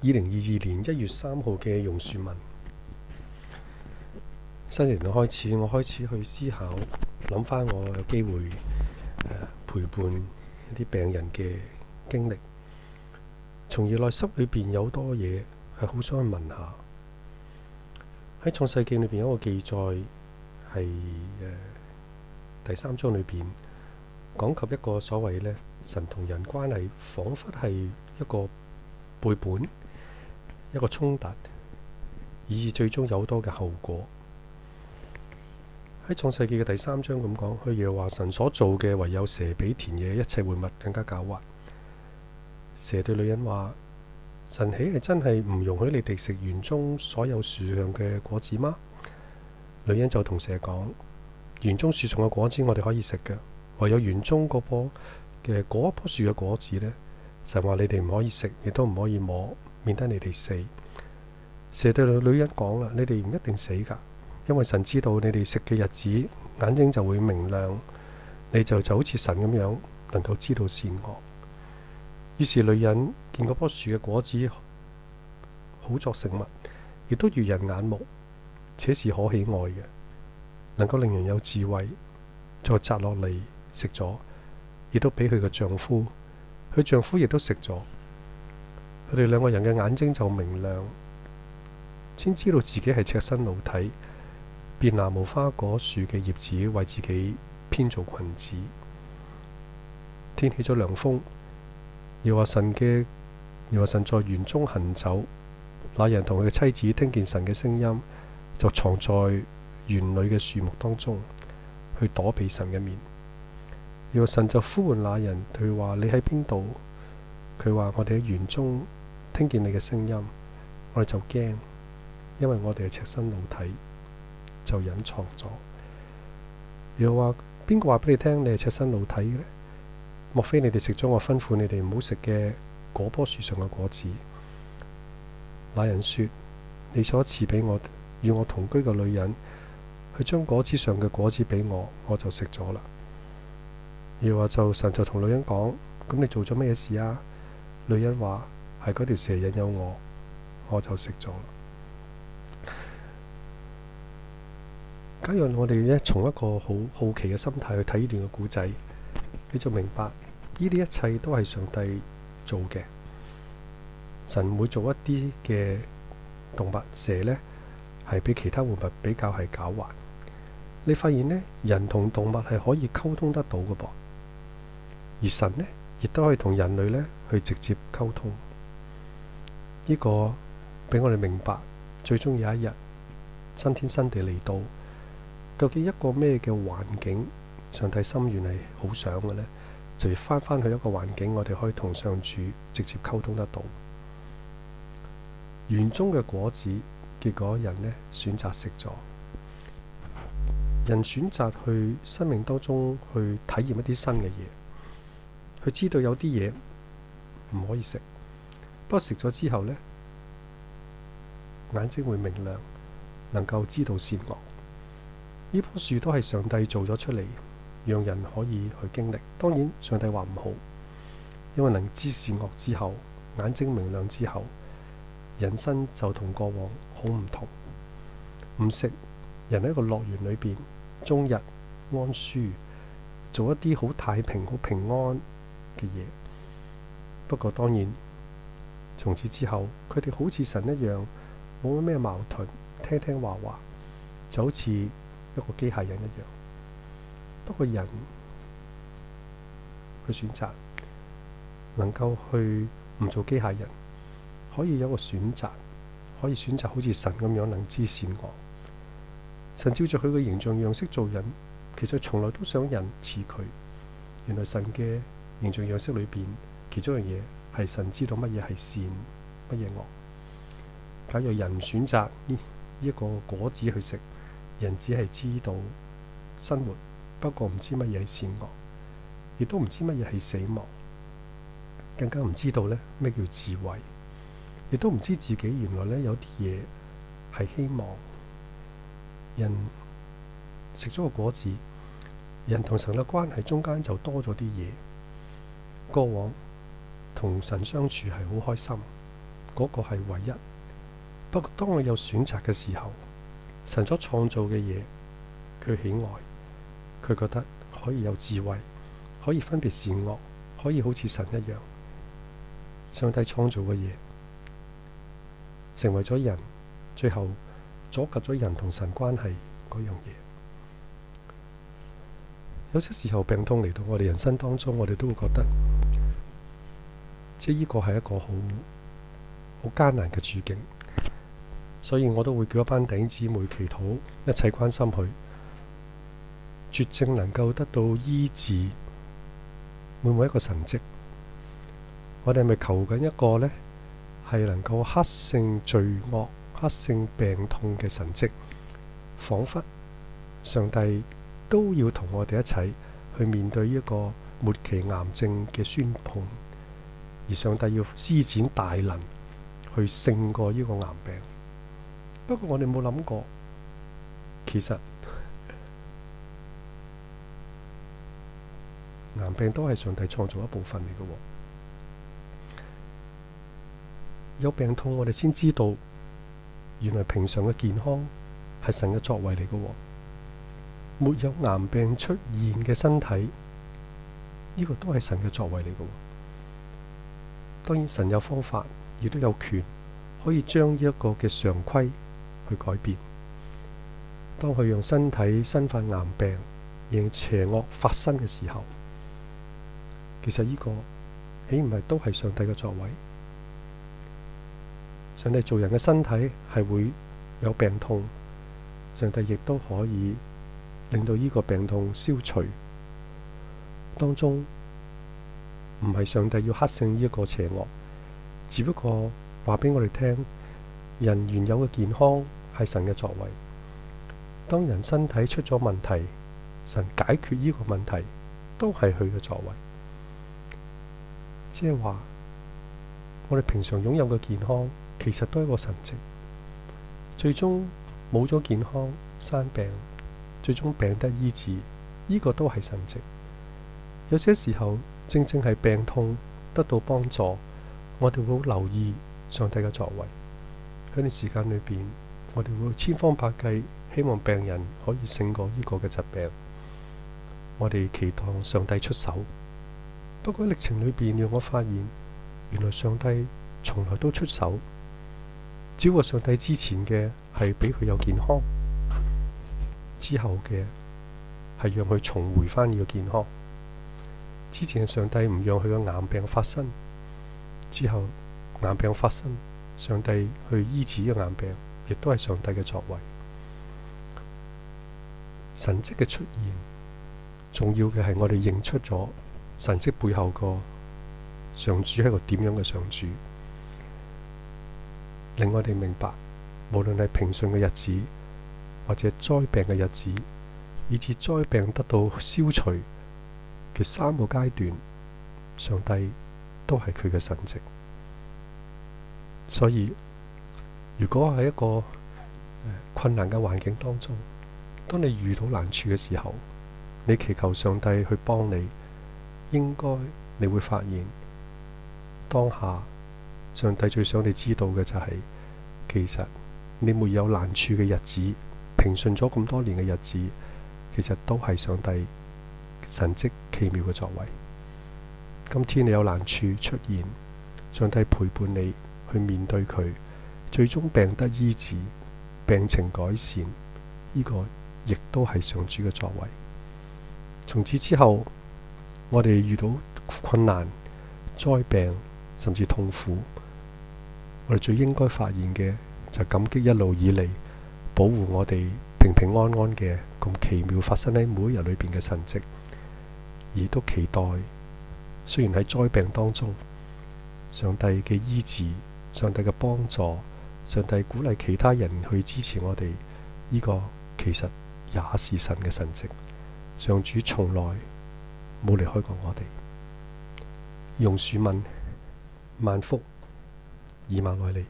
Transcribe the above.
二零二二年一月三號嘅榕樹文，新年開始，我開始去思考，諗翻我有機會、呃、陪伴一啲病人嘅經歷，從而內心裏邊有好多嘢係好想去問下。喺《創世記》裏邊有一個記載係誒、呃、第三章裏邊講及一個所謂呢神同人關係，仿佛係一個背本。一個衝突，以至最終有多嘅後果。喺創世記嘅第三章咁講，佢又話：神所做嘅唯有蛇比田野一切活物更加狡猾。蛇對女人話：神起係真係唔容許你哋食園中所有樹上嘅果子嗎？女人就同蛇講：園中樹上嘅果子我哋可以食嘅，唯有園中嗰棵嘅嗰一棵樹嘅果子呢，神話你哋唔可以食，亦都唔可以摸。免得你哋死，蛇對女人講啦：你哋唔一定死噶，因為神知道你哋食嘅日子，眼睛就會明亮，你就就好似神咁樣能夠知道善惡。於是女人見嗰棵樹嘅果子好作食物，亦都如人眼目，且是可喜愛嘅，能夠令人有智慧，再摘落嚟食咗，亦都俾佢嘅丈夫，佢丈夫亦都食咗。佢哋兩個人嘅眼睛就明亮，先知道自己係赤身露體，便拿無花果樹嘅葉子為自己編造裙子。天起咗涼風，耶和華神嘅，耶和華神在園中行走。那人同佢嘅妻子聽見神嘅聲音，就藏在園裏嘅樹木當中，去躲避神嘅面。耶和華神就呼喚那人，對話：你喺邊度？佢話：我哋喺園中。聽見你嘅聲音，我哋就驚，因為我哋係赤身露體，就隱藏咗。又話邊個話俾你聽？你係赤身露體嘅咧？莫非你哋食咗我吩咐你哋唔好食嘅嗰樖樹上嘅果子？那人說：你所賜俾我與我同居嘅女人，佢將果子上嘅果子俾我，我就食咗啦。又話就神就同女人講：咁你做咗咩事啊？女人話：係嗰條蛇引誘我，我就食咗。假若我哋呢從一個好好奇嘅心態去睇呢段嘅故仔，你就明白，呢啲一切都係上帝做嘅。神會做一啲嘅動物，蛇呢係比其他活物比較係狡猾。你發現呢，人同動物係可以溝通得到嘅噃，而神呢，亦都可以同人類呢去直接溝通。呢個俾我哋明白，最終有一日新天新地嚟到，究竟一個咩嘅環境上帝心願係好想嘅呢，就要翻返去一個環境，我哋可以同上主直接溝通得到。園中嘅果子，結果人呢選擇食咗，人選擇去生命當中去體驗一啲新嘅嘢，佢知道有啲嘢唔可以食。不過食咗之後呢，眼睛會明亮，能夠知道善惡。呢棵樹都係上帝做咗出嚟，讓人可以去經歷。當然，上帝話唔好，因為能知善惡之後，眼睛明亮之後，人生就同過往好唔同。唔食，人喺個樂園裏邊，終日安舒，做一啲好太平、好平安嘅嘢。不過當然。從此之後，佢哋好似神一樣，冇乜咩矛盾，聽聽話話就好似一個機械人一樣。不過人佢選擇能夠去唔做機械人，可以有個選擇，可以選擇好似神咁樣能知善惡。神照著佢嘅形象樣式做人，其實從來都想人似佢。原來神嘅形象樣式裏邊其中一樣嘢。係神知道乜嘢係善，乜嘢惡。假如人唔選擇呢一個果子去食，人只係知道生活，不過唔知乜嘢係善惡，亦都唔知乜嘢係死亡，更加唔知道呢咩叫智慧，亦都唔知自己原來呢有啲嘢係希望。人食咗個果子，人同神嘅關係中間就多咗啲嘢。過往，同神相處係好開心，嗰個係唯一。不過當我有選擇嘅時候，神所創造嘅嘢，佢喜愛，佢覺得可以有智慧，可以分別善惡，可以好似神一樣。上帝創造嘅嘢成為咗人，最後阻隔咗人同神關係嗰樣嘢。有些時候病痛嚟到我哋人生當中，我哋都會覺得。即係依個係一個好好艱難嘅處境，所以我都會叫一班弟兄姊妹祈禱，一齊關心佢絕症能夠得到醫治，每每一個神跡，我哋係咪求緊一個呢？係能夠克勝罪惡、克勝病痛嘅神跡，仿佛上帝都要同我哋一齊去面對呢一個末期癌症嘅宣判。而上帝要施展大能去勝過呢個癌病。不過我哋冇諗過，其實 癌病都係上帝創造一部分嚟嘅、哦。有病痛，我哋先知道原來平常嘅健康係神嘅作為嚟嘅、哦。沒有癌病出現嘅身體，呢個都係神嘅作為嚟嘅、哦。當然，神有方法，亦都有權可以將呢一個嘅常規去改變。當佢用身體身患癌病，令邪惡發生嘅時候，其實呢個豈唔係都係上帝嘅作為。上帝做人嘅身體係會有病痛，上帝亦都可以令到呢個病痛消除。當中。唔係上帝要克勝呢一個邪惡，只不過話俾我哋聽，人原有嘅健康係神嘅作為。當人身體出咗問題，神解決呢個問題都係佢嘅作為，即係話我哋平常擁有嘅健康其實都係個神蹟。最終冇咗健康生病，最終病得醫治，呢個都係神蹟。有些時候。正正係病痛得到幫助，我哋會留意上帝嘅作為喺呢時間裏邊，我哋會千方百計希望病人可以勝過呢個嘅疾病。我哋期待上帝出手，不過喺歷程裏邊，讓我發現原來上帝從來都出手。只不過上帝之前嘅係俾佢有健康，之後嘅係讓佢重回翻呢個健康。之前上帝唔讓佢個眼病發生，之後眼病發生，上帝去醫治個眼病，亦都係上帝嘅作為。神跡嘅出現，重要嘅係我哋認出咗神跡背後個上主係個點樣嘅上主，令我哋明白，無論係平順嘅日子，或者災病嘅日子，以至災病得到消除。其三個階段，上帝都係佢嘅神跡。所以，如果喺一個困難嘅環境當中，當你遇到難處嘅時候，你祈求上帝去幫你，應該你會發現，當下上帝最想你知道嘅就係、是，其實你沒有難處嘅日子，平順咗咁多年嘅日子，其實都係上帝。神蹟奇妙嘅作為，今天你有難處出現，上帝陪伴你去面對佢，最終病得醫治，病情改善，呢個亦都係上主嘅作為。從此之後，我哋遇到困難、災病甚至痛苦，我哋最應該發現嘅就感激一路以嚟保護我哋平平安安嘅咁奇妙發生喺每一日裏邊嘅神蹟。亦都期待，雖然喺災病當中，上帝嘅醫治、上帝嘅幫助、上帝鼓勵其他人去支持我哋，呢、這個其實也是神嘅神跡。上主從來冇離開過我哋。用樹問萬福以馬內利。